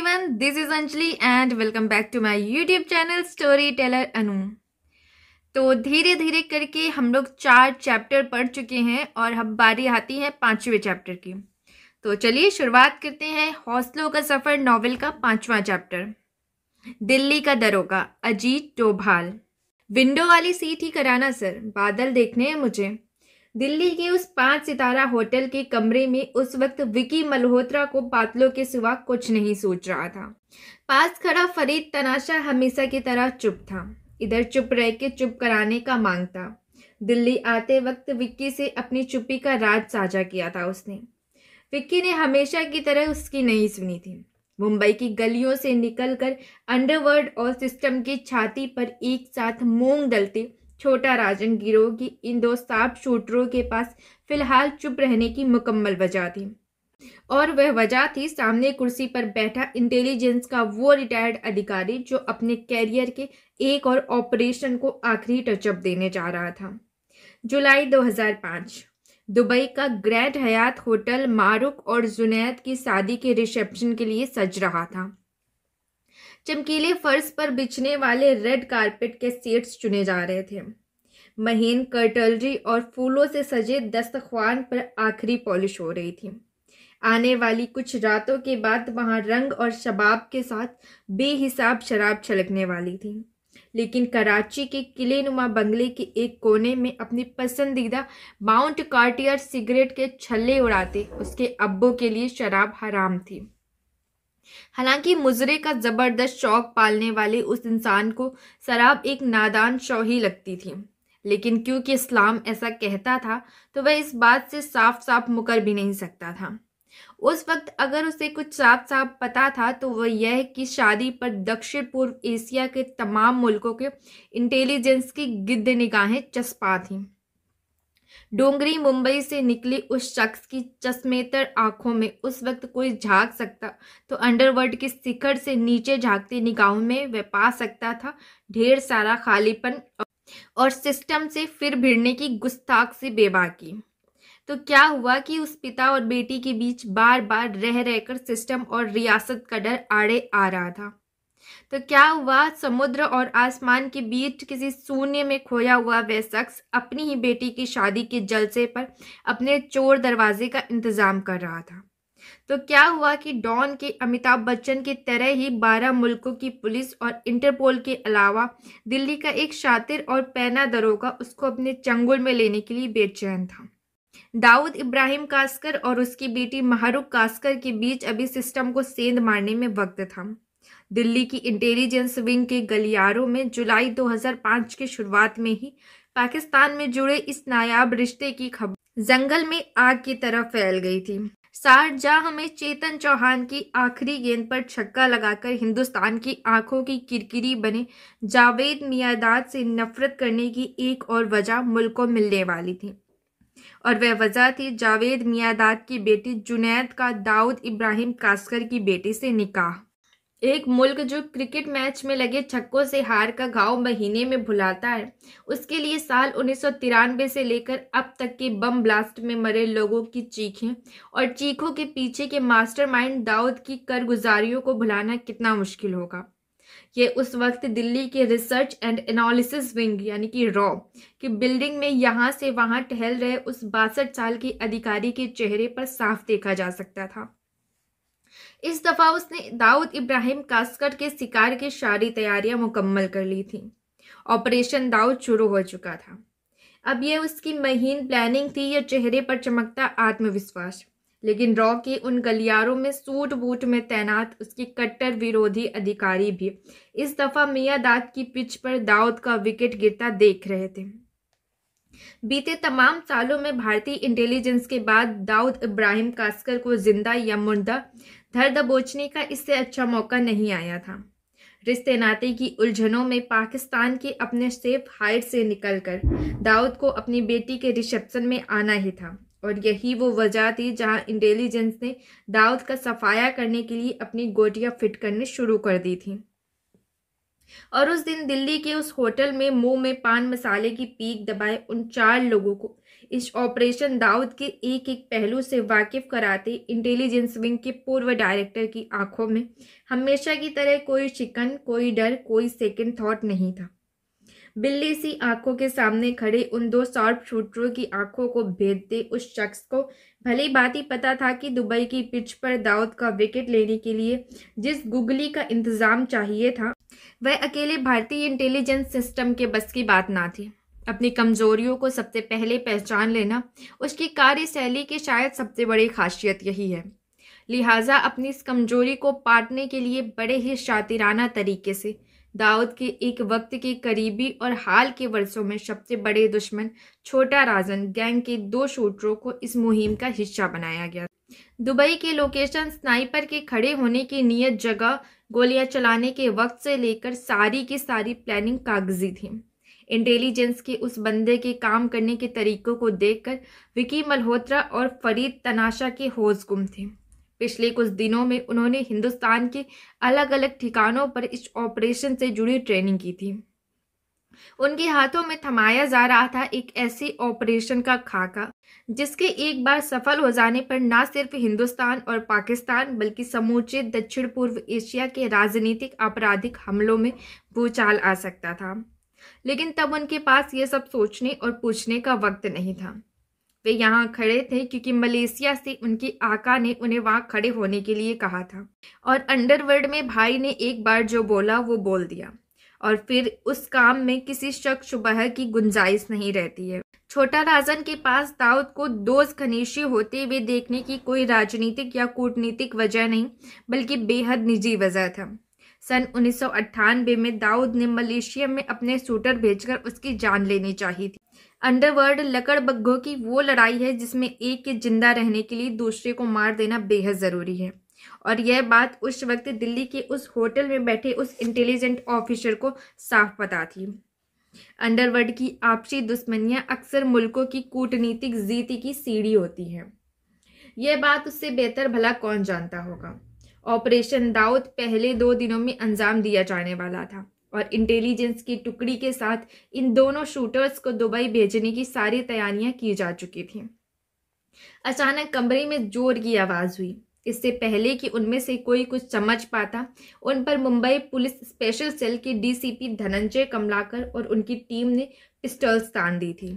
everyone this is Anjali and welcome back to my YouTube channel storyteller Anu तो धीरे धीरे करके हम लोग चार चैप्टर पढ़ चुके हैं और अब बारी आती है पांचवें चैप्टर की तो चलिए शुरुआत करते हैं हौसलों का सफ़र नॉवल का पांचवा चैप्टर दिल्ली का दरोगा अजीत डोभाल विंडो वाली सीट ही कराना सर बादल देखने हैं मुझे दिल्ली के उस पांच सितारा होटल के कमरे में उस वक्त विकी मल्होत्रा को बादलों के सिवा कुछ नहीं सोच रहा था पास खड़ा फरीद तनाशा हमेशा की तरह चुप था इधर चुप रह के चुप कराने का मांग था दिल्ली आते वक्त विक्की से अपनी चुप्पी का राज साझा किया था उसने विक्की ने हमेशा की तरह उसकी नहीं सुनी थी मुंबई की गलियों से निकलकर अंडरवर्ल्ड और सिस्टम की छाती पर एक साथ मूंग दलते छोटा राजन गिरोह की इन दो साफ शूटरों के पास फिलहाल चुप रहने की मुकम्मल वजह थी और वह वजह थी सामने कुर्सी पर बैठा इंटेलिजेंस का वो रिटायर्ड अधिकारी जो अपने कैरियर के एक और ऑपरेशन को आखिरी टचअप देने जा रहा था जुलाई 2005 दुबई का ग्रैंड हयात होटल मारुक और जुनैद की शादी के रिसेप्शन के लिए सज रहा था चमकीले फर्श पर बिछने वाले रेड कारपेट के सेट्स चुने जा रहे थे महीन कर्टलरी और फूलों से सजे दस्तखान पर आखिरी पॉलिश हो रही थी आने वाली कुछ रातों के बाद वहाँ रंग और शबाब के साथ बेहिसाब शराब छलकने वाली थी लेकिन कराची के किले नुमा बंगले के एक कोने में अपनी पसंदीदा माउंट कार्टियर सिगरेट के छल्ले उड़ाते उसके अब्बों के लिए शराब हराम थी हालांकि मुजरे का ज़बरदस्त शौक पालने वाले उस इंसान को शराब एक नादान शौही लगती थी लेकिन क्योंकि इस्लाम ऐसा कहता था तो वह इस बात से साफ साफ मुकर भी नहीं सकता था उस वक्त अगर उसे कुछ साफ साफ पता था तो वह यह कि शादी पर दक्षिण पूर्व एशिया के तमाम मुल्कों के इंटेलिजेंस की गिद्ध निगाहें चस्पा थीं डोंगरी मुंबई से निकली उस शख्स की चश्मेतर आंखों में उस वक्त कोई झाँक सकता तो अंडरवर्ल्ड के शिखर से नीचे झाँकती निगाहों में वह पा सकता था ढेर सारा खालीपन और सिस्टम से फिर भिड़ने की गुस्ताख से बेबाकी तो क्या हुआ कि उस पिता और बेटी के बीच बार बार रह रहकर सिस्टम और रियासत का डर आड़े आ रहा था तो क्या हुआ समुद्र और आसमान के बीच किसी शून्य में खोया हुआ वह शख्स अपनी ही बेटी की शादी के जलसे पर अपने चोर दरवाजे का इंतज़ाम कर रहा था तो क्या हुआ कि डॉन के अमिताभ बच्चन की तरह ही बारह मुल्कों की पुलिस और इंटरपोल के अलावा दिल्ली का एक शातिर और पैना दरोगा उसको अपने चंगुल में लेने के लिए बेचैन था दाऊद इब्राहिम कास्कर और उसकी बेटी महारूख कास्कर के बीच अभी सिस्टम को सेंध मारने में वक्त था दिल्ली की इंटेलिजेंस विंग के गलियारों में जुलाई 2005 के शुरुआत में ही पाकिस्तान में जुड़े इस नायाब रिश्ते की खबर जंगल में आग की तरह फैल गई थी शारजाह में चेतन चौहान की आखिरी गेंद पर छक्का लगाकर हिंदुस्तान की आंखों की किरकिरी बने जावेद मियादाद से नफरत करने की एक और वजह मुल्क को मिलने वाली थी और वह वजह थी जावेद मियादाद की बेटी जुनैद का दाऊद इब्राहिम कास्कर की बेटी से निकाह एक मुल्क जो क्रिकेट मैच में लगे छक्कों से हार का घाव महीने में भुलाता है उसके लिए साल उन्नीस से लेकर अब तक के बम ब्लास्ट में मरे लोगों की चीखें और चीखों के पीछे के मास्टरमाइंड दाऊद की करगुजारियों को भुलाना कितना मुश्किल होगा ये उस वक्त दिल्ली के रिसर्च एंड एनालिसिस विंग यानी कि रॉ की बिल्डिंग में यहाँ से वहाँ टहल रहे उस बासठ साल के अधिकारी के चेहरे पर साफ देखा जा सकता था इस दफ़ा उसने दाऊद इब्राहिम कास्कट के शिकार की सारी तैयारियां मुकम्मल कर ली थी ऑपरेशन दाऊद शुरू हो चुका था अब यह उसकी महीन प्लानिंग थी या चेहरे पर चमकता आत्मविश्वास लेकिन रॉ के उन गलियारों में सूट बूट में तैनात उसकी कट्टर विरोधी अधिकारी भी इस दफ़ा मियाँ दाद की पिच पर दाऊद का विकेट गिरता देख रहे थे बीते तमाम सालों में भारतीय इंटेलिजेंस के बाद दाऊद इब्राहिम कास्कर को जिंदा या मुर्दा धर दबोचने का इससे अच्छा मौका नहीं आया था रिश्ते नाते की उलझनों में पाकिस्तान के अपने सेफ हाइट से निकलकर दाऊद को अपनी बेटी के रिसेप्शन में आना ही था और यही वो वजह थी जहां इंटेलिजेंस ने दाऊद का सफाया करने के लिए अपनी गोटियां फिट करने शुरू कर दी थी और उस दिन दिल्ली के उस होटल में मुंह में पान मसाले की पीक दबाए उन चार लोगों को इस ऑपरेशन दाऊद के एक एक पहलू से वाकिफ कराते इंटेलिजेंस विंग के पूर्व डायरेक्टर की आंखों में हमेशा की तरह कोई शिकन कोई डर कोई सेकंड थॉट नहीं था बिल्ली सी आंखों के सामने खड़े उन दो शॉर्ट शूटरों की आंखों को भेदते उस शख्स को भली बात ही पता था कि दुबई की पिच पर दाऊद का विकेट लेने के लिए जिस गुगली का इंतजाम चाहिए था वह अकेले भारतीय इंटेलिजेंस सिस्टम के बस की बात ना थी अपनी कमजोरियों को सबसे पहले पहचान लेना उसकी कार्यशैली की शायद सबसे बड़ी खासियत यही है लिहाजा अपनी इस कमजोरी को पाटने के लिए बड़े ही शातिराना तरीके से दाऊद के एक वक्त के करीबी और हाल के वर्षों में सबसे बड़े दुश्मन छोटा राजन गैंग के दो शूटरों को इस मुहिम का हिस्सा बनाया गया दुबई के लोकेशन स्नाइपर के खड़े होने की नियत जगह गोलियां चलाने के वक्त से लेकर सारी की सारी प्लानिंग कागजी थी इंटेलिजेंस के उस बंदे के काम करने के तरीकों को देखकर विकी मल्होत्रा और फरीद तनाशा के होश गुम थे पिछले कुछ दिनों में उन्होंने हिंदुस्तान के अलग अलग ठिकानों पर इस ऑपरेशन से जुड़ी ट्रेनिंग की थी उनके हाथों में थमाया जा रहा था एक ऐसे ऑपरेशन का खाका जिसके एक बार सफल हो जाने पर न सिर्फ हिंदुस्तान और पाकिस्तान बल्कि समूचे दक्षिण पूर्व एशिया के राजनीतिक आपराधिक हमलों में भूचाल आ सकता था लेकिन तब उनके पास ये सब सोचने और पूछने का वक्त नहीं था वे यहाँ खड़े थे क्योंकि मलेशिया से उनके आका ने उन्हें वहाँ खड़े होने के लिए कहा था और अंडरवर्ल्ड में भाई ने एक बार जो बोला वो बोल दिया और फिर उस काम में किसी शक शुबह की गुंजाइश नहीं रहती है छोटा राजन के पास दाऊद को दोस्त खनिशी होते हुए देखने की कोई राजनीतिक या कूटनीतिक वजह नहीं बल्कि बेहद निजी वजह था सन उन्नीस में दाऊद ने मलेशिया में अपने शूटर भेजकर उसकी जान लेनी चाहिए थी अंडरवर्ल्ड लकड़बग्घों की वो लड़ाई है जिसमें एक के जिंदा रहने के लिए दूसरे को मार देना बेहद ज़रूरी है और यह बात उस वक्त दिल्ली के उस होटल में बैठे उस इंटेलिजेंट ऑफिसर को साफ पता थी अंडरवर्ल्ड की आपसी दुश्मनियाँ अक्सर मुल्कों की कूटनीतिक जीती की सीढ़ी होती हैं यह बात उससे बेहतर भला कौन जानता होगा ऑपरेशन दाऊद पहले दो दिनों में अंजाम दिया जाने वाला था और इंटेलिजेंस की टुकड़ी के साथ इन दोनों शूटर्स को दुबई भेजने की सारी तैयारियां की जा चुकी थीं अचानक कमरे में जोर की आवाज़ हुई इससे पहले कि उनमें से कोई कुछ समझ पाता उन पर मुंबई पुलिस स्पेशल सेल के डीसीपी धनंजय कमलाकर और उनकी टीम ने पिस्टल्स तान दी थी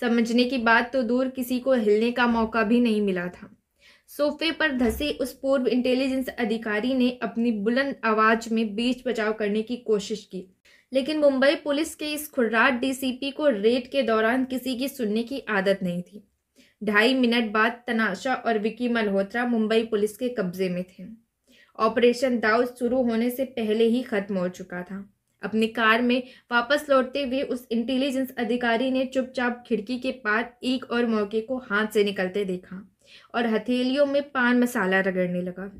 समझने की बात तो दूर किसी को हिलने का मौका भी नहीं मिला था सोफे पर धसे उस पूर्व इंटेलिजेंस अधिकारी ने अपनी बुलंद आवाज में बीच बचाव करने की कोशिश की लेकिन मुंबई पुलिस के इस खुर्राट डीसीपी को रेड के दौरान किसी की सुनने की आदत नहीं थी ढाई मिनट बाद तनाशा और विकी मल्होत्रा मुंबई पुलिस के कब्जे में थे ऑपरेशन दाव शुरू होने से पहले ही खत्म हो चुका था अपनी कार में वापस लौटते हुए उस इंटेलिजेंस अधिकारी ने चुपचाप खिड़की के पार एक और मौके को हाथ से निकलते देखा और हथेलियों में पान मसाला रगड़ने लगा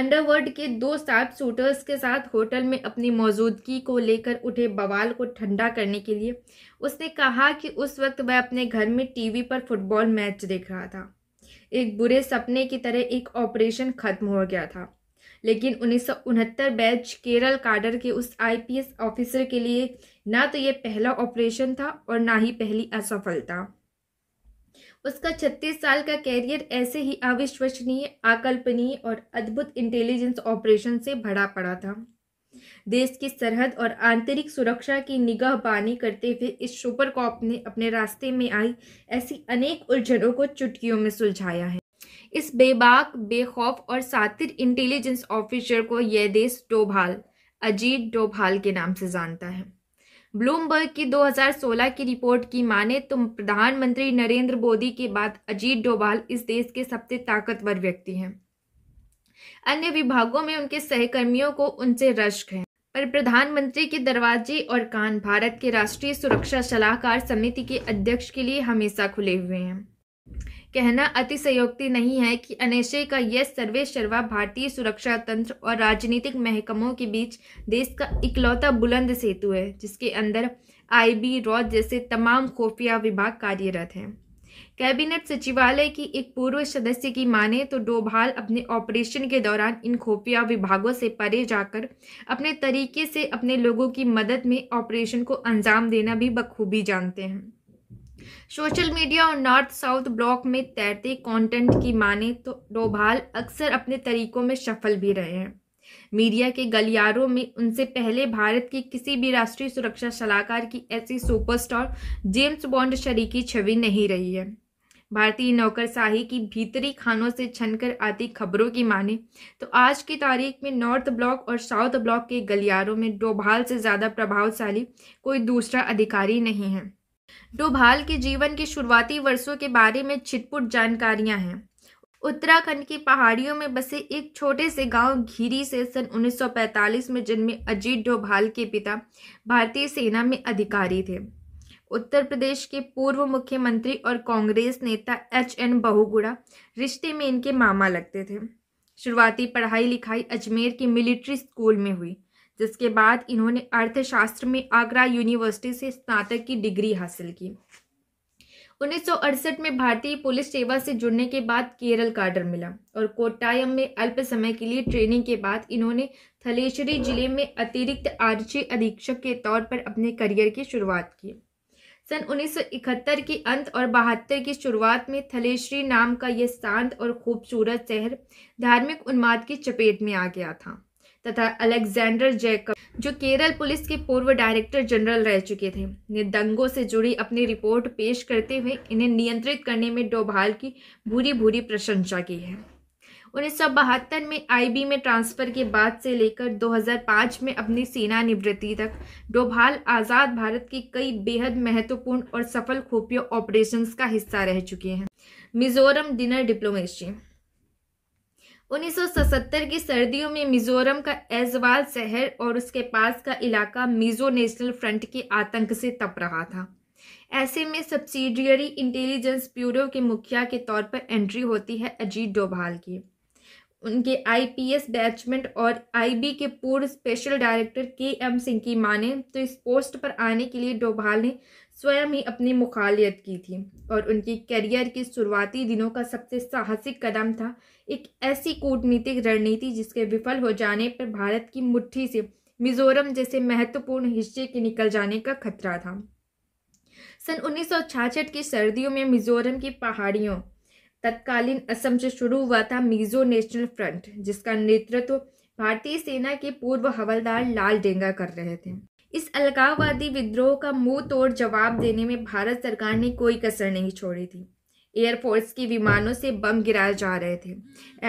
अंडरवर्ल्ड के दो सात सूटर्स के साथ होटल में अपनी मौजूदगी को लेकर उठे बवाल को ठंडा करने के लिए उसने कहा कि उस वक्त वह अपने घर में टीवी पर फुटबॉल मैच देख रहा था एक बुरे सपने की तरह एक ऑपरेशन खत्म हो गया था लेकिन उन्नीस बैच केरल काडर के उस आईपीएस ऑफिसर के लिए ना तो ये पहला ऑपरेशन था और ना ही पहली असफलता उसका छत्तीस साल का कैरियर ऐसे ही अविश्वसनीय आकल्पनीय और अद्भुत इंटेलिजेंस ऑपरेशन से भरा पड़ा था देश की सरहद और आंतरिक सुरक्षा की निगाह बानी करते हुए इस सुपर कॉप ने अपने रास्ते में आई ऐसी अनेक उलझनों को चुटकियों में सुलझाया है इस बेबाक बेखौफ और सातिर इंटेलिजेंस ऑफिसर को यह देश डोभाल अजीत डोभाल के नाम से जानता है ब्लूमबर्ग की 2016 की रिपोर्ट की माने तो प्रधानमंत्री नरेंद्र मोदी के बाद अजीत डोभाल इस देश के सबसे ताकतवर व्यक्ति हैं अन्य विभागों में उनके सहकर्मियों को उनसे रश्क है पर प्रधानमंत्री के दरवाजे और कान भारत के राष्ट्रीय सुरक्षा सलाहकार समिति के अध्यक्ष के लिए हमेशा खुले हुए हैं कहना अतिशयोक्ति नहीं है कि अनेशे का यह सर्वे सर्वा भारतीय सुरक्षा तंत्र और राजनीतिक महकमों के बीच देश का इकलौता बुलंद सेतु है जिसके अंदर आईबी रॉ जैसे तमाम खुफिया विभाग कार्यरत हैं कैबिनेट सचिवालय की एक पूर्व सदस्य की माने तो डोभाल अपने ऑपरेशन के दौरान इन खुफिया विभागों से परे जाकर अपने तरीके से अपने लोगों की मदद में ऑपरेशन को अंजाम देना भी बखूबी जानते हैं सोशल मीडिया और नॉर्थ साउथ ब्लॉक में तैरते कंटेंट की माने तो डोभाल अक्सर अपने तरीकों में सफल भी रहे हैं मीडिया के गलियारों में उनसे पहले भारत की किसी भी राष्ट्रीय सुरक्षा सलाहकार की ऐसी सुपरस्टार जेम्स बॉन्ड शरीकी छवि नहीं रही है भारतीय नौकरशाही की भीतरी खानों से छनकर आती खबरों की माने तो आज की तारीख में नॉर्थ ब्लॉक और साउथ ब्लॉक के गलियारों में डोभाल से ज़्यादा प्रभावशाली कोई दूसरा अधिकारी नहीं है डोभाल के जीवन के शुरुआती वर्षों के बारे में छिटपुट जानकारियां हैं उत्तराखंड की पहाड़ियों में बसे एक छोटे से गांव घीरी से सन 1945 में जन्मे अजीत डोभाल के पिता भारतीय सेना में अधिकारी थे उत्तर प्रदेश के पूर्व मुख्यमंत्री और कांग्रेस नेता एच एन बहुगुड़ा रिश्ते में इनके मामा लगते थे शुरुआती पढ़ाई लिखाई अजमेर के मिलिट्री स्कूल में हुई जिसके बाद इन्होंने अर्थशास्त्र में आगरा यूनिवर्सिटी से स्नातक की डिग्री हासिल की उन्नीस में भारतीय पुलिस सेवा से जुड़ने के बाद केरल काडर मिला और कोट्टायम में अल्प समय के लिए ट्रेनिंग के बाद इन्होंने थलेश्वरी जिले में अतिरिक्त आरक्षी अधीक्षक के तौर पर अपने करियर की शुरुआत की सन उन्नीस के अंत और बहत्तर की शुरुआत में थलेश्वरी नाम का यह शांत और खूबसूरत शहर धार्मिक उन्माद की चपेट में आ गया था तथा अलेक्जेंडर जैकब जो केरल पुलिस के पूर्व डायरेक्टर जनरल रह चुके थे ने दंगों से जुड़ी अपनी रिपोर्ट पेश करते हुए इन्हें नियंत्रित करने में डोभाल की भूरी भूरी प्रशंसा की है उन्नीस में आईबी में ट्रांसफ़र के बाद से लेकर 2005 में अपनी सेना निवृत्ति तक डोभाल आज़ाद भारत के कई बेहद महत्वपूर्ण और सफल खुफिया ऑपरेशंस का हिस्सा रह चुके हैं मिजोरम डिनर डिप्लोमेसी 1977 की सर्दियों में मिजोरम का एजवाल शहर और उसके पास का इलाका मिजो नेशनल फ्रंट के आतंक से तप रहा था ऐसे में सब्सिडियरी इंटेलिजेंस ब्यूरो के मुखिया के तौर पर एंट्री होती है अजीत डोभाल की उनके आईपीएस बैचमेंट और आईबी के पूर्व special director K M Singh की माने तो इस पोस्ट पर आने के लिए डोभाल ने स्वयं ही अपनी मुखालियत की थी और उनकी करियर के शुरुआती दिनों का सबसे साहसिक कदम था एक ऐसी कूटनीतिक रणनीति जिसके विफल हो जाने पर भारत की मुट्ठी से मिजोरम जैसे महत्वपूर्ण हिस्से के निकल जाने का खतरा था सन उन्नीस की सर्दियों में मिजोरम की पहाड़ियों तत्कालीन असम से शुरू हुआ था मिजो नेशनल फ्रंट जिसका नेतृत्व भारतीय सेना के पूर्व हवलदार लाल डेंगा कर रहे थे इस अलगाववादी विद्रोह का मुंह तोड़ जवाब देने में भारत सरकार ने कोई कसर नहीं छोड़ी थी एयरफोर्स के विमानों से बम गिराए जा रहे थे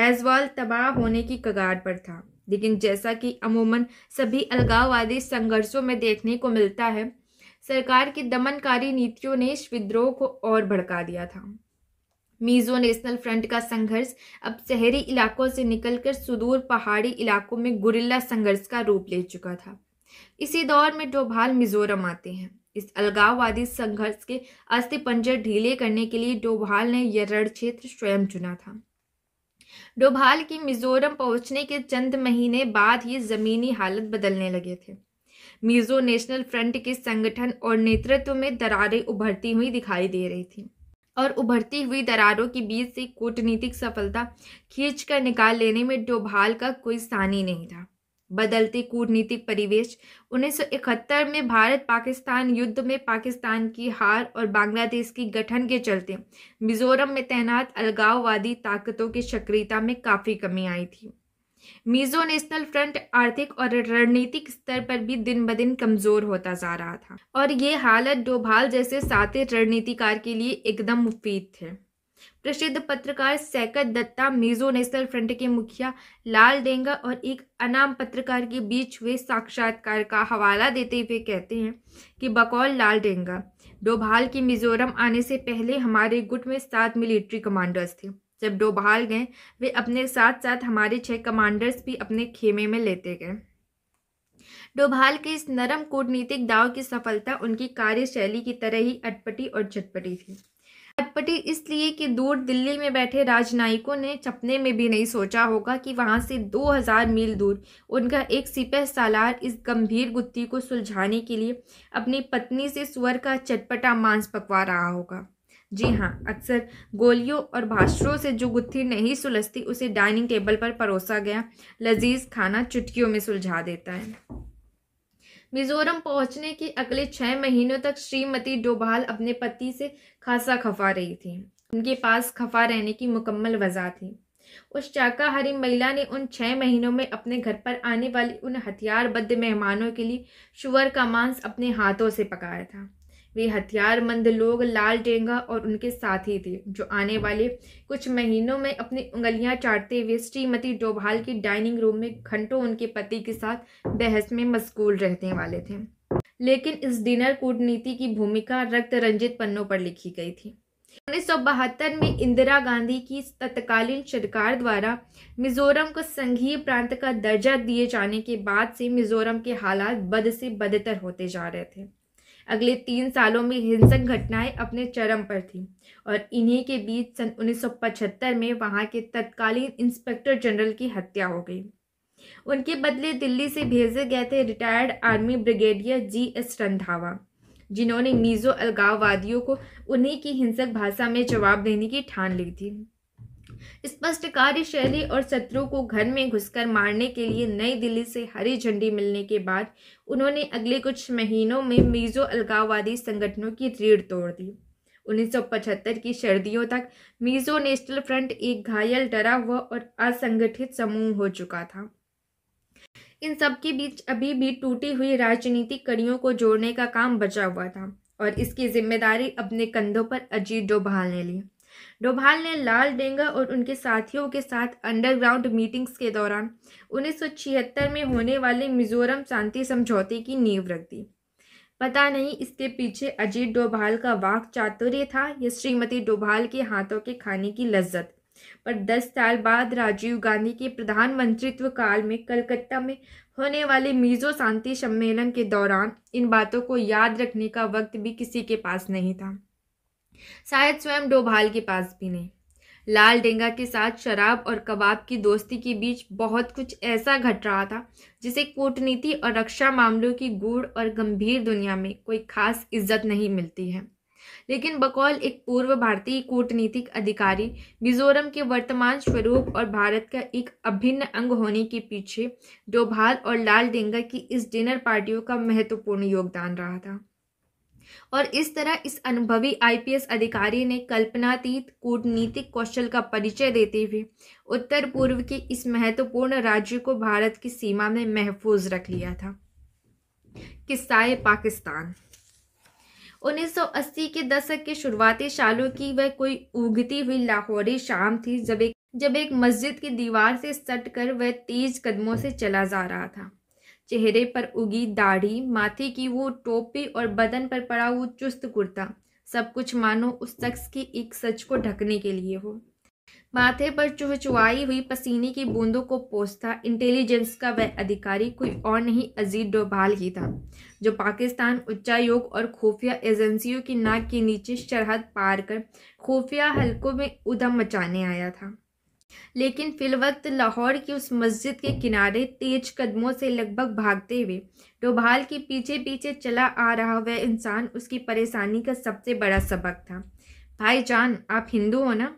एजवाल तबाह होने की कगार पर था लेकिन जैसा कि अमूमन सभी अलगाववादी संघर्षों में देखने को मिलता है सरकार की दमनकारी नीतियों ने इस विद्रोह को और भड़का दिया था मीजो नेशनल फ्रंट का संघर्ष अब शहरी इलाकों से निकलकर सुदूर पहाड़ी इलाकों में गुरिल्ला संघर्ष का रूप ले चुका था इसी दौर में डोभाल मिजोरम आते हैं इस अलगाववादी संघर्ष के अस्थि पंजर ढीले करने के लिए डोभाल ने यह रण क्षेत्र स्वयं चुना था डोभाल की मिजोरम पहुंचने के चंद महीने बाद ही जमीनी हालत बदलने लगे थे मिजो नेशनल फ्रंट के संगठन और नेतृत्व में दरारें उभरती हुई दिखाई दे रही थी और उभरती हुई दरारों के बीच से कूटनीतिक सफलता खींच कर निकाल लेने में डोभाल का कोई सानी नहीं था बदलते कूटनीतिक परिवेश 1971 में भारत पाकिस्तान युद्ध में पाकिस्तान की हार और बांग्लादेश की गठन के चलते मिजोरम में तैनात अलगाववादी ताकतों की सक्रियता में काफ़ी कमी आई थी मिजो नेशनल फ्रंट आर्थिक और रणनीतिक स्तर पर भी दिन ब दिन कमजोर होता जा रहा था और ये हालत डोभाल जैसे साथी रणनीतिकार के लिए एकदम मुफीद थे प्रसिद्ध पत्रकार सैकत दत्ता मिजो नेशनल फ्रंट के मुखिया लाल डेंगा और एक अनाम पत्रकार के बीच हुए साक्षात्कार का हवाला देते हुए कहते हैं कि बकौल लाल डेंगा डोभाल के मिजोरम आने से पहले हमारे गुट में सात मिलिट्री कमांडर्स थे जब डोभाल गए वे अपने साथ साथ हमारे छह कमांडर्स भी अपने खेमे में लेते गए डोभाल के इस नरम कूटनीतिक दाव की सफलता उनकी कार्यशैली की तरह ही अटपटी और झटपटी थी अटपटी इसलिए कि दूर दिल्ली में बैठे राजनयिकों ने चपने में भी नहीं सोचा होगा कि वहां से 2000 मील दूर उनका एक सिपह सालार इस गंभीर गुत्थी को सुलझाने के लिए अपनी पत्नी से सुअर का चटपटा मांस पकवा रहा होगा जी हाँ अक्सर गोलियों और भाषणों से जो गुत्थी नहीं सुलझती उसे डाइनिंग टेबल पर परोसा गया लजीज खाना चुटकियों में सुलझा देता है मिजोरम पहुंचने के अगले छः महीनों तक श्रीमती डोभाल अपने पति से खासा खफा रही थी उनके पास खफा रहने की मुकम्मल वजह थी उस शाकाहारी महिला ने उन छः महीनों में अपने घर पर आने वाली उन हथियारबद्ध मेहमानों के लिए शुअर का मांस अपने हाथों से पकाया था वे हथियारमंद लोग लाल टेंगा और उनके साथी थे जो आने वाले कुछ महीनों में अपनी उंगलियां चाटते हुए श्रीमती डोभाल के डाइनिंग रूम में घंटों उनके पति के साथ बहस में मशगूल रहने वाले थे लेकिन इस डिनर कूटनीति की भूमिका रक्त रंजित पन्नों पर लिखी गई थी उन्नीस में इंदिरा गांधी की तत्कालीन सरकार द्वारा मिजोरम को संघीय प्रांत का दर्जा दिए जाने के बाद से मिजोरम के हालात बद से बदतर होते जा रहे थे अगले तीन सालों में हिंसक घटनाएं अपने चरम पर थीं और इन्हीं के बीच सन 1975 में वहां के तत्कालीन इंस्पेक्टर जनरल की हत्या हो गई उनके बदले दिल्ली से भेजे गए थे retired army brigadier G S Randhawa जिन्होंने मीज़ो अलगाववादियों को उन्हीं की हिंसक भाषा में जवाब देने की ठान ली थी स्पष्ट कार्यशैली और शत्रु को घर में घुसकर मारने के लिए नई दिल्ली से हरी झंडी मिलने के बाद उन्होंने अगले कुछ महीनों में मिजो अलगाववादी संगठनों की रीढ़ तोड़ दी 1975 की सर्दियों तक मिजो नेशनल फ्रंट एक घायल डरा हुआ और असंगठित समूह हो चुका था इन सबके बीच अभी भी टूटी हुई राजनीतिक कड़ियों को जोड़ने का काम बचा हुआ था और इसकी जिम्मेदारी अपने कंधों पर अजीत डोभाल ने ली डोभाल ने लाल डेंगा और उनके साथियों के साथ अंडरग्राउंड मीटिंग्स के दौरान 1976 में होने वाले मिजोरम शांति समझौते की नींव रख दी पता नहीं इसके पीछे अजीत डोभाल का वाक चातुर्य था या श्रीमती डोभाल के हाथों के खाने की लज्जत पर 10 साल बाद राजीव गांधी के प्रधानमंत्रित्व काल में कलकत्ता में होने वाले मिजो शांति सम्मेलन के दौरान इन बातों को याद रखने का वक्त भी किसी के पास नहीं था शायद स्वयं डोभाल के पास भी नहीं लाल डेंगा के साथ शराब और कबाब की दोस्ती के बीच बहुत कुछ ऐसा घट रहा था जिसे कूटनीति और रक्षा मामलों की गूढ़ और गंभीर दुनिया में कोई खास इज्जत नहीं मिलती है लेकिन बकौल एक पूर्व भारतीय कूटनीतिक अधिकारी मिजोरम के वर्तमान स्वरूप और भारत का एक अभिन्न अंग होने के पीछे डोभाल और लाल डेंगा की इस डिनर पार्टियों का महत्वपूर्ण योगदान रहा था और इस तरह इस अनुभवी आईपीएस अधिकारी ने कल्पनातीत कूटनीतिक कौशल का परिचय देते हुए उत्तर पूर्व के इस महत्वपूर्ण राज्य को भारत की सीमा में महफूज रख लिया था किस्साए पाकिस्तान 1980 के दशक के शुरुआती सालों की वह कोई उगती हुई लाहौरी शाम थी जब एक जब एक मस्जिद की दीवार से सट कर वह तेज कदमों से चला जा रहा था चेहरे पर उगी दाढ़ी माथे की वो टोपी और बदन पर पड़ा वो चुस्त कुर्ता सब कुछ मानो उस शख्स की एक सच को ढकने के लिए हो माथे पर चुहचुआई हुई पसीने की बूंदों को पोसता इंटेलिजेंस का वह अधिकारी कोई और नहीं अजीत डोभाल ही था जो पाकिस्तान उच्चायोग और खुफिया एजेंसियों की नाक के नीचे सरहद पार कर खुफिया हलकों में उधम मचाने आया था लेकिन फिलवक्त लाहौर की उस मस्जिद के किनारे तेज कदमों से लगभग भागते हुए डोभाल के पीछे पीछे चला आ रहा वह इंसान उसकी परेशानी का सबसे बड़ा सबक था भाई जान आप हिंदू हो ना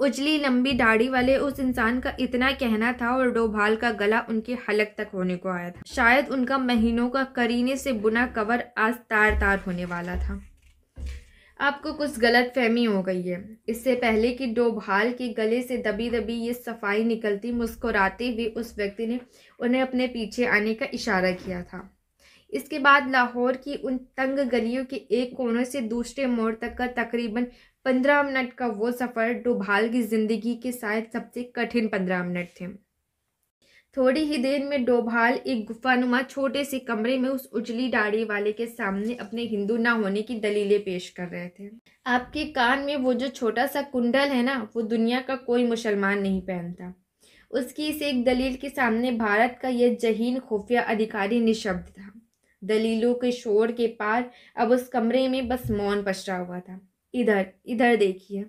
उजली लंबी दाढ़ी वाले उस इंसान का इतना कहना था और डोभाल का गला उनके हलक तक होने को आया था शायद उनका महीनों का करीने से बुना कवर आज तार तार होने वाला था आपको कुछ गलत फहमी हो गई है इससे पहले कि डोभाल के गले से दबी दबी ये सफाई निकलती मुस्कुराते हुए उस व्यक्ति ने उन्हें अपने पीछे आने का इशारा किया था इसके बाद लाहौर की उन तंग गलियों के एक कोने से दूसरे मोड़ तक का तकरीबन पंद्रह मिनट का वो सफ़र डोभाल की ज़िंदगी के शायद सबसे कठिन पंद्रह मिनट थे थोड़ी ही देर में डोभाल एक गुफानुमा छोटे से कमरे में उस उजली दाढ़ी वाले के सामने अपने हिंदू ना होने की दलीलें पेश कर रहे थे आपके कान में वो जो छोटा सा कुंडल है ना वो दुनिया का कोई मुसलमान नहीं पहनता उसकी इस एक दलील के सामने भारत का यह जहीन खुफिया अधिकारी निशब्द था दलीलों के शोर के पार अब उस कमरे में बस मौन पछरा हुआ था इधर इधर देखिए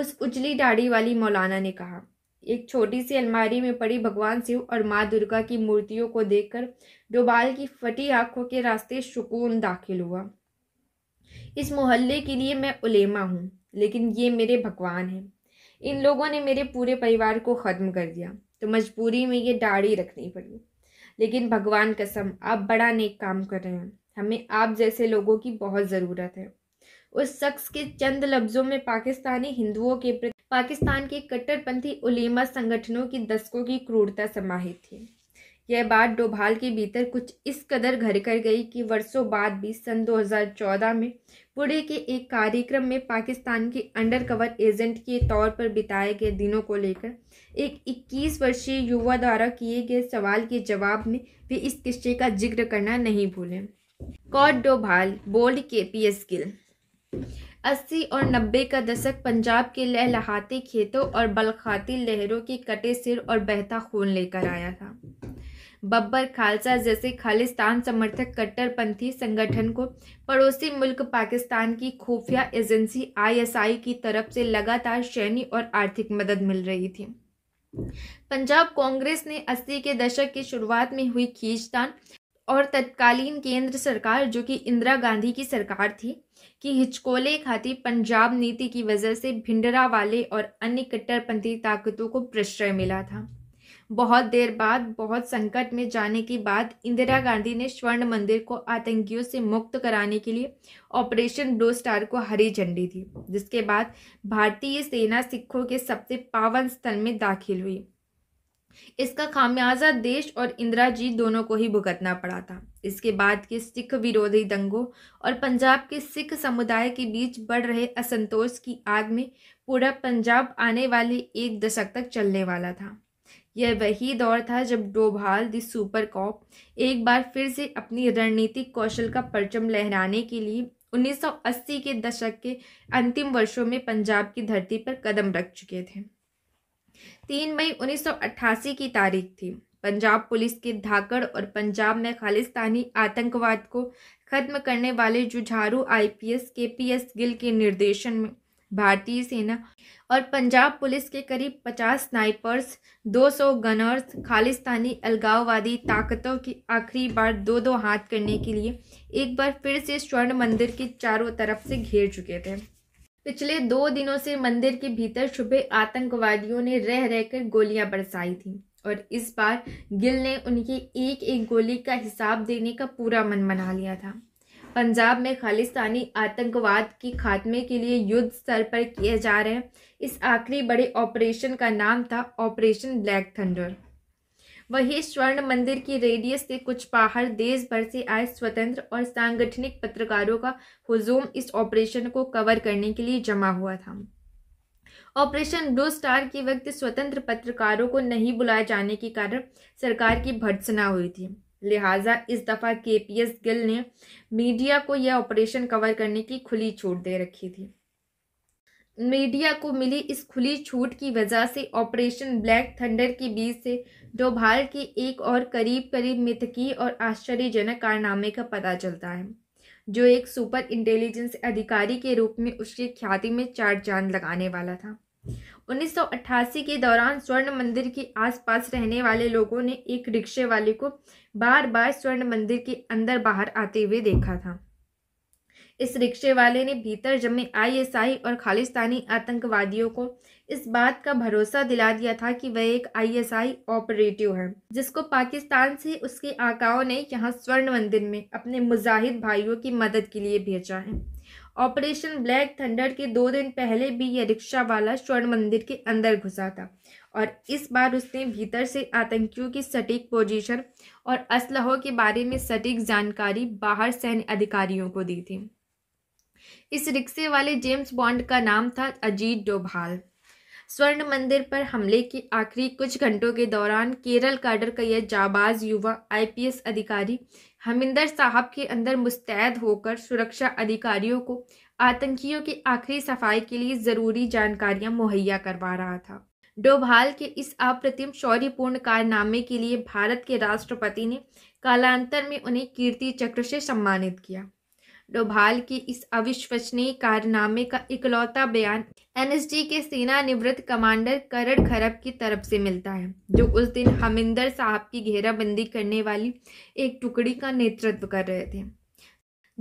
उस उजली दाढ़ी वाली मौलाना ने कहा एक छोटी सी अलमारी में पड़ी भगवान शिव और माँ दुर्गा की मूर्तियों को देखकर डोबाल की फटी आंखों के रास्ते सुकून दाखिल हुआ इस मोहल्ले के लिए मैं उलेमा हूँ लेकिन ये मेरे भगवान हैं इन लोगों ने मेरे पूरे परिवार को ख़त्म कर दिया तो मजबूरी में ये दाढ़ी रखनी पड़ी लेकिन भगवान कसम आप बड़ा नेक काम कर रहे हैं हमें आप जैसे लोगों की बहुत ज़रूरत है उस शख्स के चंद लफ्जों में पाकिस्तानी हिंदुओं के प्रति पाकिस्तान के कट्टरपंथी उलेमा संगठनों की दशकों की क्रूरता समाहित थी यह बात डोभाल के भीतर कुछ इस कदर घर कर गई कि वर्षों बाद भी सन 2014 में पुणे के एक कार्यक्रम में पाकिस्तान के अंडरकवर एजेंट के तौर पर बिताए गए दिनों को लेकर एक 21 वर्षीय युवा द्वारा किए गए सवाल के जवाब में वे इस किस्से का जिक्र करना नहीं भूलें caught Doval bowled K P S Gill अस्सी और नब्बे का दशक पंजाब के लहलहाते खेतों और बलखाती लहरों के कटे सिर और बहता खून लेकर आया था बब्बर खालसा जैसे खालिस्तान समर्थक कट्टरपंथी संगठन को पड़ोसी मुल्क पाकिस्तान की खुफिया एजेंसी आईएसआई की तरफ से लगातार सैन्य और आर्थिक मदद मिल रही थी पंजाब कांग्रेस ने अस्सी के दशक की शुरुआत में हुई खींचतान और तत्कालीन केंद्र सरकार जो कि इंदिरा गांधी की सरकार थी कि हिचकोले खाती पंजाब नीति की वजह से भिंडरा वाले और अन्य कट्टरपंथी ताकतों को प्रश्रय मिला था बहुत देर बाद बहुत संकट में जाने के बाद इंदिरा गांधी ने स्वर्ण मंदिर को आतंकियों से मुक्त कराने के लिए ऑपरेशन ब्लू स्टार को हरी झंडी दी जिसके बाद भारतीय सेना सिखों के सबसे पावन स्थल में दाखिल हुई इसका खामियाजा देश और इंदिरा जी दोनों को ही भुगतना पड़ा था इसके बाद के सिख विरोधी दंगों और पंजाब के सिख समुदाय के बीच बढ़ रहे असंतोष की आग में पूरा पंजाब आने वाले एक दशक तक चलने वाला था यह वही दौर था जब डोभाल दी सुपर कॉप एक बार फिर से अपनी रणनीतिक कौशल का परचम लहराने के लिए 1980 के दशक के अंतिम वर्षों में पंजाब की धरती पर कदम रख चुके थे तीन मई 1988 की तारीख थी पंजाब पुलिस के धाकड़ और पंजाब में खालिस्तानी आतंकवाद को खत्म करने वाले जुझारू आईपीएस केपीएस गिल के निर्देशन में भारतीय सेना और पंजाब पुलिस के करीब 50 स्नाइपर्स 200 गनर्स खालिस्तानी अलगाववादी ताकतों की आखिरी बार दो दो हाथ करने के लिए एक बार फिर से स्वर्ण मंदिर के चारों तरफ से घेर चुके थे पिछले दो दिनों से मंदिर के भीतर छुपे आतंकवादियों ने रह रहकर गोलियां बरसाई थी और इस बार गिल ने उनकी एक एक गोली का हिसाब देने का पूरा मन बना लिया था पंजाब में खालिस्तानी आतंकवाद के खात्मे के लिए युद्ध स्तर पर किए जा रहे इस आखिरी बड़े ऑपरेशन का नाम था ऑपरेशन ब्लैक थंडर वही स्वर्ण मंदिर की रेडियस से कुछ बाहर देश भर से आए स्वतंत्र और सांगठनिक पत्रकारों का हुजूम इस ऑपरेशन को कवर करने के लिए जमा हुआ था ऑपरेशन ब्लू स्टार के वक्त स्वतंत्र पत्रकारों को नहीं बुलाए जाने के कारण सरकार की भर्सना हुई थी लिहाजा इस दफ़ा के पी एस गिल ने मीडिया को यह ऑपरेशन कवर करने की खुली छूट दे रखी थी मीडिया को मिली इस खुली छूट की वजह से ऑपरेशन ब्लैक थंडर के बीच से डोभाल के एक और करीब करीब मिथकी और आश्चर्यजनक कारनामे का पता चलता है जो एक सुपर इंटेलिजेंस अधिकारी के रूप में उसकी ख्याति में चार चांद लगाने वाला था 1988 के दौरान स्वर्ण मंदिर के आसपास रहने वाले लोगों ने एक रिक्शे वाले को बार बार स्वर्ण मंदिर के अंदर बाहर आते हुए देखा था इस रिक्शे वाले ने भीतर जमे आईएसआई और खालिस्तानी आतंकवादियों को इस बात का भरोसा दिला दिया था कि वह एक आईएसआई ऑपरेटिव है जिसको पाकिस्तान से उसके आकाओं ने यहाँ स्वर्ण मंदिर में अपने मुजाहिद भाइयों की मदद के लिए भेजा है ऑपरेशन ब्लैक थंडर के दो दिन पहले भी यह रिक्शा वाला स्वर्ण मंदिर के अंदर घुसा था और इस बार उसने भीतर से आतंकियों की सटीक पोजीशन और असलहों के बारे में सटीक जानकारी बाहर सैन्य अधिकारियों को दी थी इस रिक्शे वाले जेम्स बॉन्ड का नाम था अजीत डोभाल स्वर्ण मंदिर पर हमले के आखिरी कुछ घंटों के दौरान केरल काडर का यह जाबाज युवा आईपीएस अधिकारी हमिंदर साहब के अंदर मुस्तैद होकर सुरक्षा अधिकारियों को आतंकियों की आखिरी सफाई के लिए ज़रूरी जानकारियां मुहैया करवा रहा था डोभाल के इस अप्रतिम शौर्यपूर्ण कारनामे के लिए भारत के राष्ट्रपति ने कालांतर में उन्हें कीर्ति चक्र से सम्मानित किया डोभाल के इस अविश्वसनीय कारनामे का इकलौता बयान एनएसजी के सेना निवृत्त कमांडर करण खरब की तरफ से मिलता है जो उस दिन हमिंदर साहब की घेराबंदी करने वाली एक टुकड़ी का नेतृत्व कर रहे थे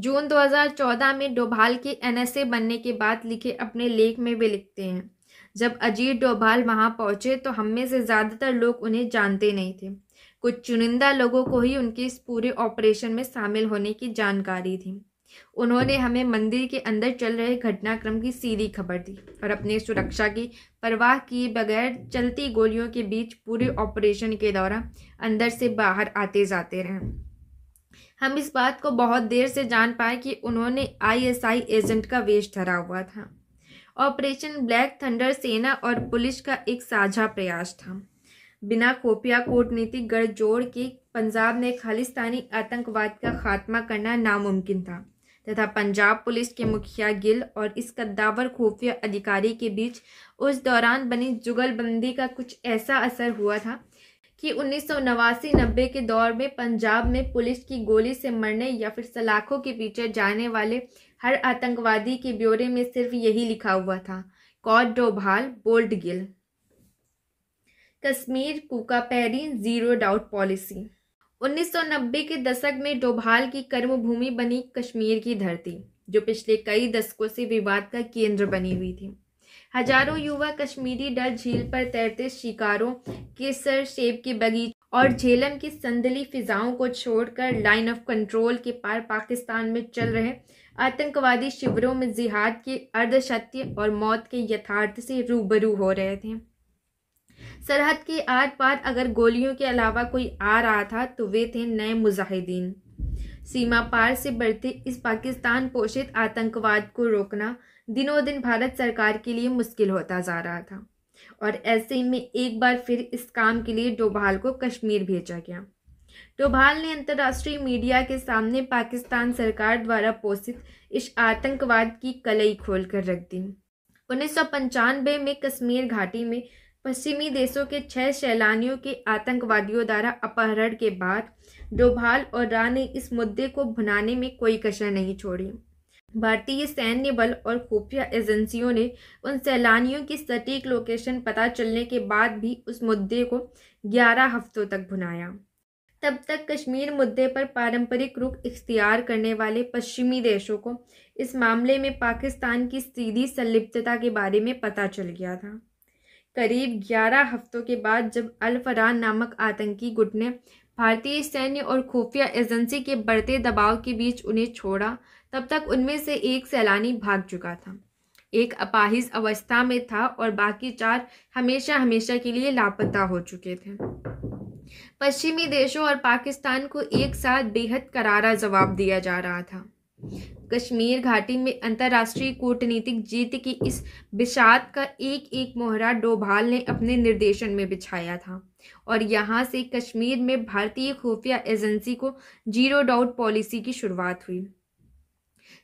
जून 2014 में डोभाल के एनएसए बनने के बाद लिखे अपने लेख में वे लिखते हैं जब अजीत डोभाल वहाँ पहुँचे तो हम में से ज़्यादातर लोग उन्हें जानते नहीं थे कुछ चुनिंदा लोगों को ही उनके इस पूरे ऑपरेशन में शामिल होने की जानकारी थी उन्होंने हमें मंदिर के अंदर चल रहे घटनाक्रम की सीधी खबर दी और अपने सुरक्षा की परवाह किए बगैर चलती गोलियों के बीच पूरे ऑपरेशन के दौरान अंदर से बाहर आते जाते रहे हम इस बात को बहुत देर से जान पाए कि उन्होंने आईएसआई एजेंट का वेश धरा हुआ था ऑपरेशन ब्लैक थंडर सेना और पुलिस का एक साझा प्रयास था बिना कूटनीतिक गढ़ गठजोड़ के पंजाब में खालिस्तानी आतंकवाद का खात्मा करना नामुमकिन था तथा पंजाब पुलिस के मुखिया गिल और इस कद्दावर खुफिया अधिकारी के बीच उस दौरान बनी जुगलबंदी का कुछ ऐसा असर हुआ था कि उन्नीस सौ नवासी नब्बे के दौर में पंजाब में पुलिस की गोली से मरने या फिर सलाखों के पीछे जाने वाले हर आतंकवादी के ब्यौरे में सिर्फ यही लिखा हुआ था कौट डोभाल बोल्ड गिल कश्मीर कुका पैरी जीरो डाउट पॉलिसी 1990 के दशक में डोभाल की कर्मभूमि बनी कश्मीर की धरती जो पिछले कई दशकों से विवाद का केंद्र बनी हुई थी हजारों युवा कश्मीरी डल झील पर तैरते शिकारों केसर सेब के बगीचे और झेलम की संदली फिजाओं को छोड़कर लाइन ऑफ कंट्रोल के पार पाकिस्तान में चल रहे आतंकवादी शिविरों में जिहाद के अर्धशत्य और मौत के यथार्थ से रूबरू हो रहे थे सरहद के आर पार अगर गोलियों के अलावा कोई आ रहा था तो वे थे नए मुजाहिदीन सीमा पार से बढ़ते इस पाकिस्तान पोषित आतंकवाद को रोकना दिनों दिन भारत सरकार के लिए मुश्किल होता जा रहा था और ऐसे में एक बार फिर इस काम के लिए डोभाल को कश्मीर भेजा गया डोभाल ने अंतर्राष्ट्रीय मीडिया के सामने पाकिस्तान सरकार द्वारा पोषित इस आतंकवाद की कलई खोल कर रख दी उन्नीस में कश्मीर घाटी में पश्चिमी देशों के छह सैलानियों के आतंकवादियों द्वारा अपहरण के बाद डोभाल और रा ने इस मुद्दे को भुनाने में कोई कसर नहीं छोड़ी भारतीय सैन्य बल और खुफिया एजेंसियों ने उन सैलानियों की सटीक लोकेशन पता चलने के बाद भी उस मुद्दे को 11 हफ्तों तक भुनाया तब तक कश्मीर मुद्दे पर पारंपरिक रुख इख्तियार करने वाले पश्चिमी देशों को इस मामले में पाकिस्तान की सीधी संलिप्तता के बारे में पता चल गया था करीब 11 हफ्तों के बाद जब अलफरान नामक आतंकी गुट ने भारतीय सैन्य और खुफिया एजेंसी के बढ़ते दबाव के बीच उन्हें छोड़ा तब तक उनमें से एक सैलानी भाग चुका था एक अपाहिज अवस्था में था और बाकी चार हमेशा हमेशा के लिए लापता हो चुके थे पश्चिमी देशों और पाकिस्तान को एक साथ बेहद करारा जवाब दिया जा रहा था कश्मीर घाटी में अंतर्राष्ट्रीय कूटनीतिक जीत की इस विषाद का एक एक मोहरा डोभाल ने अपने निर्देशन में बिछाया था और यहाँ से कश्मीर में भारतीय खुफिया एजेंसी को जीरो डाउट पॉलिसी की शुरुआत हुई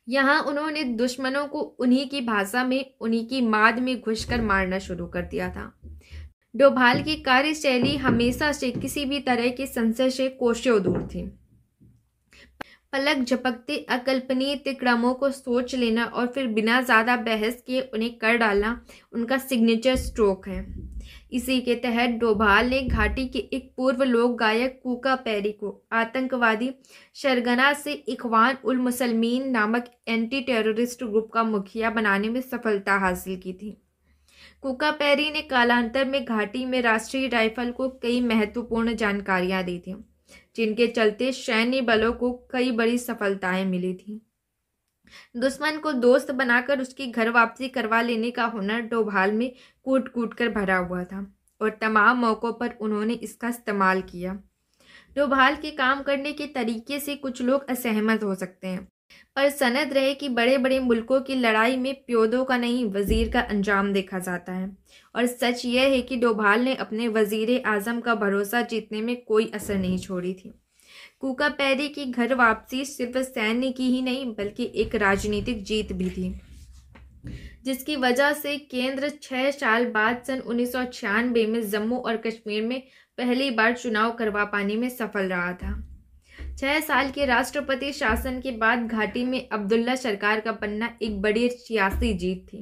यहाँ उन्होंने दुश्मनों को उन्हीं की भाषा में उन्हीं की माद में घुसकर मारना शुरू कर दिया था डोभाल की कार्यशैली हमेशा से किसी भी तरह के संशय से कोशों दूर थी पलक झपकते अकल्पनीय तिक्रमों को सोच लेना और फिर बिना ज़्यादा बहस किए उन्हें कर डालना उनका सिग्नेचर स्ट्रोक है इसी के तहत डोभाल ने घाटी के एक पूर्व लोक गायक कूका पैरी को आतंकवादी शरगना से इखवान उल मुसलमीन नामक एंटी टेररिस्ट ग्रुप का मुखिया बनाने में सफलता हासिल की थी कुका पैरी ने कालांतर में घाटी में राष्ट्रीय राइफल को कई महत्वपूर्ण जानकारियां दी थीं जिनके चलते सैन्य बलों को कई बड़ी सफलताएं मिली थी दुश्मन को दोस्त बनाकर उसकी घर वापसी करवा लेने का हुनर डोभाल में कूट कूट कर भरा हुआ था और तमाम मौक़ों पर उन्होंने इसका इस्तेमाल किया डोभाल के काम करने के तरीके से कुछ लोग असहमत हो सकते हैं पर सनद रहे कि बड़े बड़े मुल्कों की लड़ाई में प्योदों का नहीं वज़ीर का अंजाम देखा जाता है और सच यह है कि डोभाल ने अपने वज़ीर आज़म का भरोसा जीतने में कोई असर नहीं छोड़ी थी कूका पैरी की घर वापसी सिर्फ सैन्य की ही नहीं बल्कि एक राजनीतिक जीत भी थी जिसकी वजह से केंद्र छः साल बाद सन उन्नीस में जम्मू और कश्मीर में पहली बार चुनाव करवा पाने में सफल रहा था छह साल के राष्ट्रपति शासन के बाद घाटी में अब्दुल्ला सरकार का बनना एक बड़ी सियासी जीत थी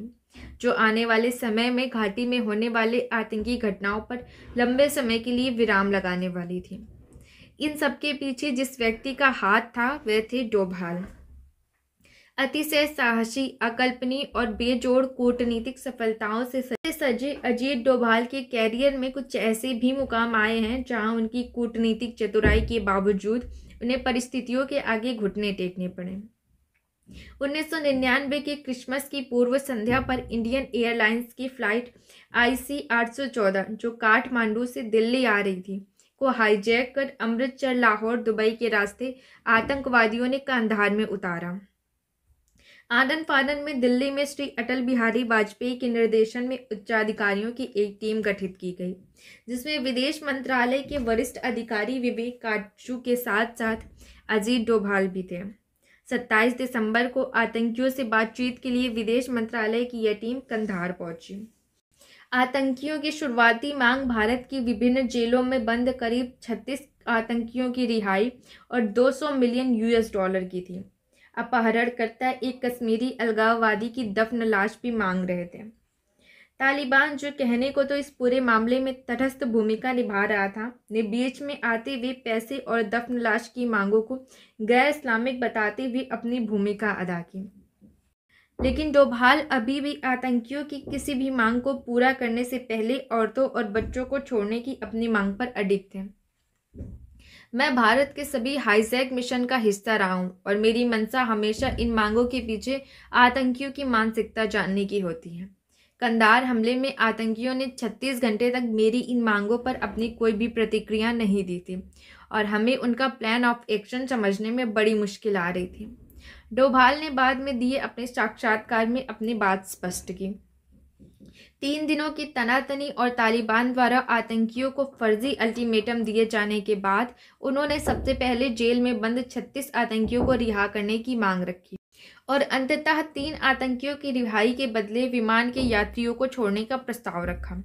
जो आने वाले समय में घाटी में होने वाले आतंकी घटनाओं पर लंबे समय के लिए विराम लगाने वाली थी इन सबके पीछे जिस व्यक्ति का हाथ था वह थे डोभाल अतिशय साहसी अकल्पनीय और बेजोड़ कूटनीतिक सफलताओं से सजे अजीत डोभाल के कैरियर में कुछ ऐसे भी मुकाम आए हैं जहां उनकी कूटनीतिक चतुराई के बावजूद उन्हें परिस्थितियों के आगे घुटने टेकने पड़े 1999 के क्रिसमस की पूर्व संध्या पर इंडियन एयरलाइंस की फ्लाइट आईसी 814 जो काठमांडू से दिल्ली आ रही थी को हाईजैक कर अमृतसर लाहौर दुबई के रास्ते आतंकवादियों ने कंधार में उतारा आनंद फानन में दिल्ली में श्री अटल बिहारी वाजपेयी के निर्देशन में उच्चाधिकारियों की एक टीम गठित की गई जिसमें विदेश मंत्रालय के वरिष्ठ अधिकारी विवेक काटू के साथ साथ अजीत डोभाल भी थे 27 दिसंबर को आतंकियों से बातचीत के लिए विदेश मंत्रालय की यह टीम कंधार पहुंची आतंकियों की शुरुआती मांग भारत की विभिन्न जेलों में बंद करीब 36 आतंकियों की रिहाई और 200 मिलियन यूएस डॉलर की थी अपहरणकर्ता एक कश्मीरी अलगाववादी की दफन लाश भी मांग रहे थे तालिबान जो कहने को तो इस पूरे मामले में तटस्थ भूमिका निभा रहा था ने बीच में आते हुए पैसे और दफन लाश की मांगों को गैर इस्लामिक बताते हुए अपनी भूमिका अदा की लेकिन डोभाल अभी भी आतंकियों की किसी भी मांग को पूरा करने से पहले औरतों और बच्चों को छोड़ने की अपनी मांग पर अडिग थे मैं भारत के सभी हाईजैक मिशन का हिस्सा रहा हूँ और मेरी मनसा हमेशा इन मांगों के पीछे आतंकियों की मानसिकता जानने की होती है कंदार हमले में आतंकियों ने 36 घंटे तक मेरी इन मांगों पर अपनी कोई भी प्रतिक्रिया नहीं दी थी और हमें उनका प्लान ऑफ एक्शन समझने में बड़ी मुश्किल आ रही थी डोभाल ने बाद में दिए अपने साक्षात्कार में अपनी बात स्पष्ट की तीन दिनों की तनातनी और तालिबान द्वारा आतंकियों को फर्जी अल्टीमेटम दिए जाने के बाद उन्होंने सबसे पहले जेल में बंद 36 आतंकियों को रिहा करने की मांग रखी और अंततः तीन आतंकियों की रिहाई के बदले विमान के यात्रियों को छोड़ने का प्रस्ताव रखा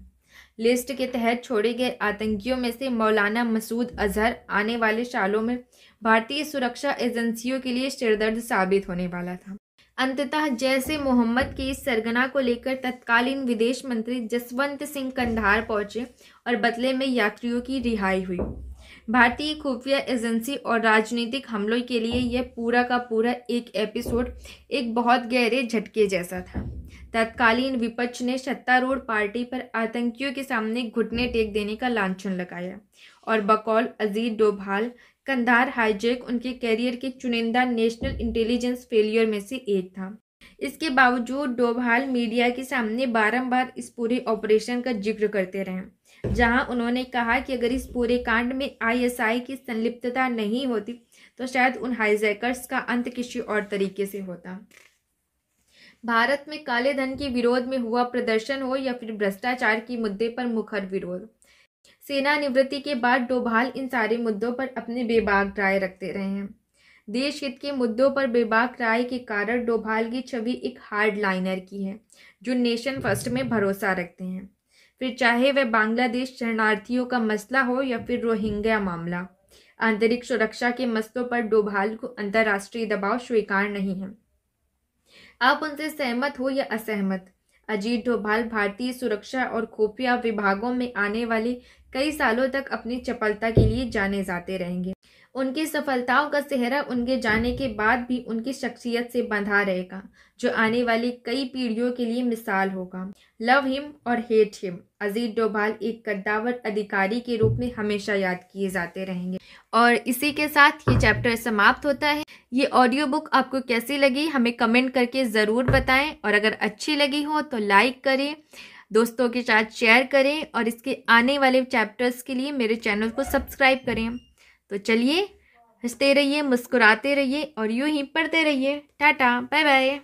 लिस्ट के तहत छोड़े गए आतंकियों में से मौलाना मसूद अजहर आने वाले सालों में भारतीय सुरक्षा एजेंसियों के लिए सिरदर्द साबित होने वाला था अंततः जैसे मोहम्मद के इस सरगना को लेकर तत्कालीन विदेश मंत्री जसवंत सिंह कंधार पहुंचे और बदले में यात्रियों की रिहाई हुई भारतीय खुफिया एजेंसी और राजनीतिक हमलों के लिए यह पूरा का पूरा एक एपिसोड एक बहुत गहरे झटके जैसा था तत्कालीन विपक्ष ने सत्तारूढ़ पार्टी पर आतंकियों के सामने घुटने टेक देने का लांछन लगाया और बकौल अजीत डोभाल कंधार हाईजैक उनके कैरियर के चुनिंदा नेशनल इंटेलिजेंस फेलियर में से एक था इसके बावजूद डोभाल मीडिया के सामने बारंबार इस पूरे ऑपरेशन का जिक्र करते रहे जहां उन्होंने कहा कि अगर इस पूरे कांड में आईएसआई की संलिप्तता नहीं होती तो शायद उन हाईजैकर्स का अंत किसी और तरीके से होता भारत में काले धन के विरोध में हुआ प्रदर्शन हो या फिर भ्रष्टाचार के मुद्दे पर मुखर विरोध सेनानिवृत्ति के बाद डोभाल इन सारे मुद्दों पर अपने बेबाक राय रखते रहे हैं देश हित के मुद्दों पर बेबाक राय के कारण डोभाल की छवि एक हार्ड लाइनर की है जो नेशन फर्स्ट में भरोसा रखते हैं फिर चाहे वह बांग्लादेश शरणार्थियों का मसला हो या फिर रोहिंग्या मामला आंतरिक सुरक्षा के मसलों पर डोभाल को अंतर्राष्ट्रीय दबाव स्वीकार नहीं है आप उनसे सहमत हो या असहमत अजीत डोभाल भारतीय सुरक्षा और खुफिया विभागों में आने वाले कई सालों तक अपनी चपलता के लिए जाने जाते रहेंगे उनकी सफलताओं का सेहरा उनके जाने के बाद भी उनकी शख्सियत से बंधा रहेगा जो आने वाली कई पीढ़ियों के लिए मिसाल होगा लव हिम और हेट हिम अजीत डोभाल एक कद्दावर अधिकारी के रूप में हमेशा याद किए जाते रहेंगे और इसी के साथ ये चैप्टर समाप्त होता है ये ऑडियो बुक आपको कैसी लगी हमें कमेंट करके ज़रूर बताएं और अगर अच्छी लगी हो तो लाइक करें दोस्तों के साथ शेयर करें और इसके आने वाले चैप्टर्स के लिए मेरे चैनल को सब्सक्राइब करें तो चलिए हंसते रहिए मुस्कुराते रहिए और यूं ही पढ़ते रहिए टाटा बाय बाय